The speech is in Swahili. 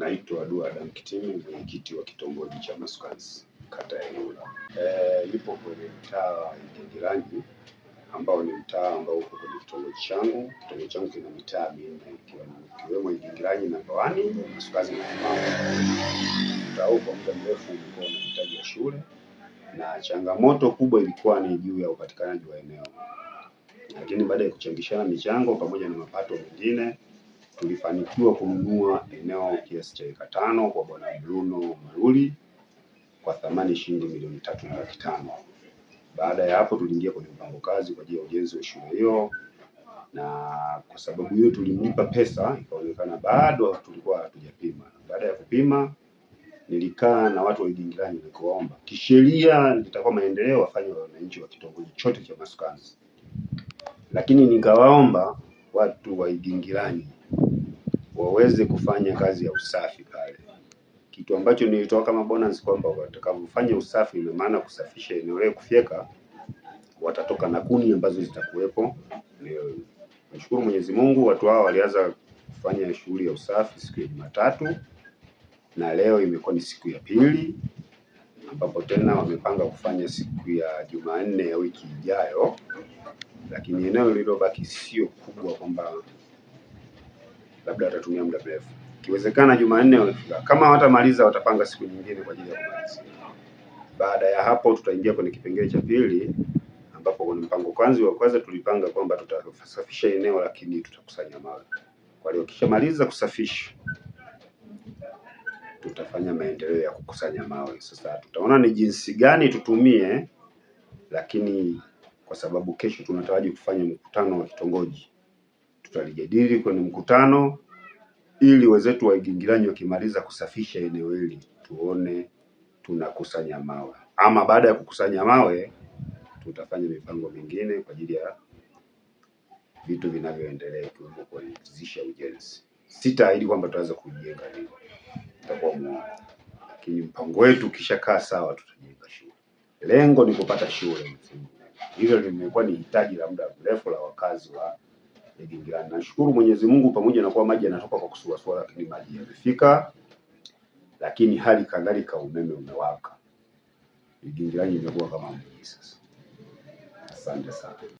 Naitwa Dua Adam Kitimi, mwenyekiti wa kitongoji cha Masukansi kata ya Ilula. E, yupo kwenye mtaa wa Igengeranyi ambao ni mtaa ambao uko kwenye kitongoji changu. Kitongoji changu kina mitaa minne ikiwemo Igengeranyi namba wani, na namba mtaa huu kwa muda mrefu ulikuwa na hitaji ya shule na changamoto kubwa ilikuwa ni juu ya upatikanaji wa eneo, lakini baada ya kuchangishana michango pamoja na mapato mengine tulifanikiwa kununua eneo kiasi cha eka tano kwa Bwana Bruno Maruli kwa thamani shilingi milioni tatu na laki tano. Baada ya hapo, tuliingia kwenye mpango kazi kwa ajili ya ujenzi wa shule hiyo, na kwa sababu hiyo tulimlipa pesa, ikaonekana bado tulikuwa hatujapima. Baada ya kupima, nilikaa na watu wa Igingilani nikawaomba kisheria nitakuwa maendeleo wafanye wananchi wa kitongoji chote cha Masukanzi, lakini nikawaomba watu wa Igingilani waweze kufanya kazi ya usafi pale, kitu ambacho nilitoa kama bonus kwamba watakavyofanya usafi, ina maana kusafisha eneo lile, kufyeka, watatoka na kuni ambazo zitakuwepo. Nashukuru Mwenyezi Mungu, watu hao walianza kufanya shughuli ya usafi siku ya Jumatatu na leo imekuwa ni siku ya pili, ambapo tena wamepanga kufanya siku ya Jumanne ya wiki ijayo, lakini eneo lililobaki sio kubwa kwamba labda watatumia muda mrefu. Ikiwezekana Jumanne wamefika, kama hawatamaliza watapanga siku nyingine kwa ajili ya kumaliza. Baada ya hapo, tutaingia kwenye kipengele cha pili ambapo kwenye mpango kwanza wa kwanza tulipanga kwamba tutasafisha eneo lakini tutakusanya mawe. Kwa hiyo kishamaliza kusafisha tutafanya maendeleo ya kukusanya mawe. Sasa tutaona ni jinsi gani tutumie, lakini kwa sababu kesho tunataraji kufanya mkutano wa kitongoji tutalijadili kwenye mkutano ili wenzetu wa Igingilani wakimaliza kusafisha eneo hili tuone tunakusanya mawe ama baada ya kukusanya mawe tutafanya mipango mingine kwa ajili ya vitu vinavyoendelea ikiwemo kuanzisha ujenzi. Sitaahidi kwamba tutaweza kujenga leo, tutakuwa lakini mpango wetu ukishakaa sawa, tutajenga shule. Lengo ni kupata shule msingi, hilo limekuwa ni hitaji la muda mrefu la wakazi wa ya Nashukuru Mwenyezi Mungu pamoja na kuwa maji yanatoka kwa kusuasua, lakini maji yamefika, lakini hali kadhalika umeme umewaka. Gingilani imekuwa kama mji sasa. Asante sana.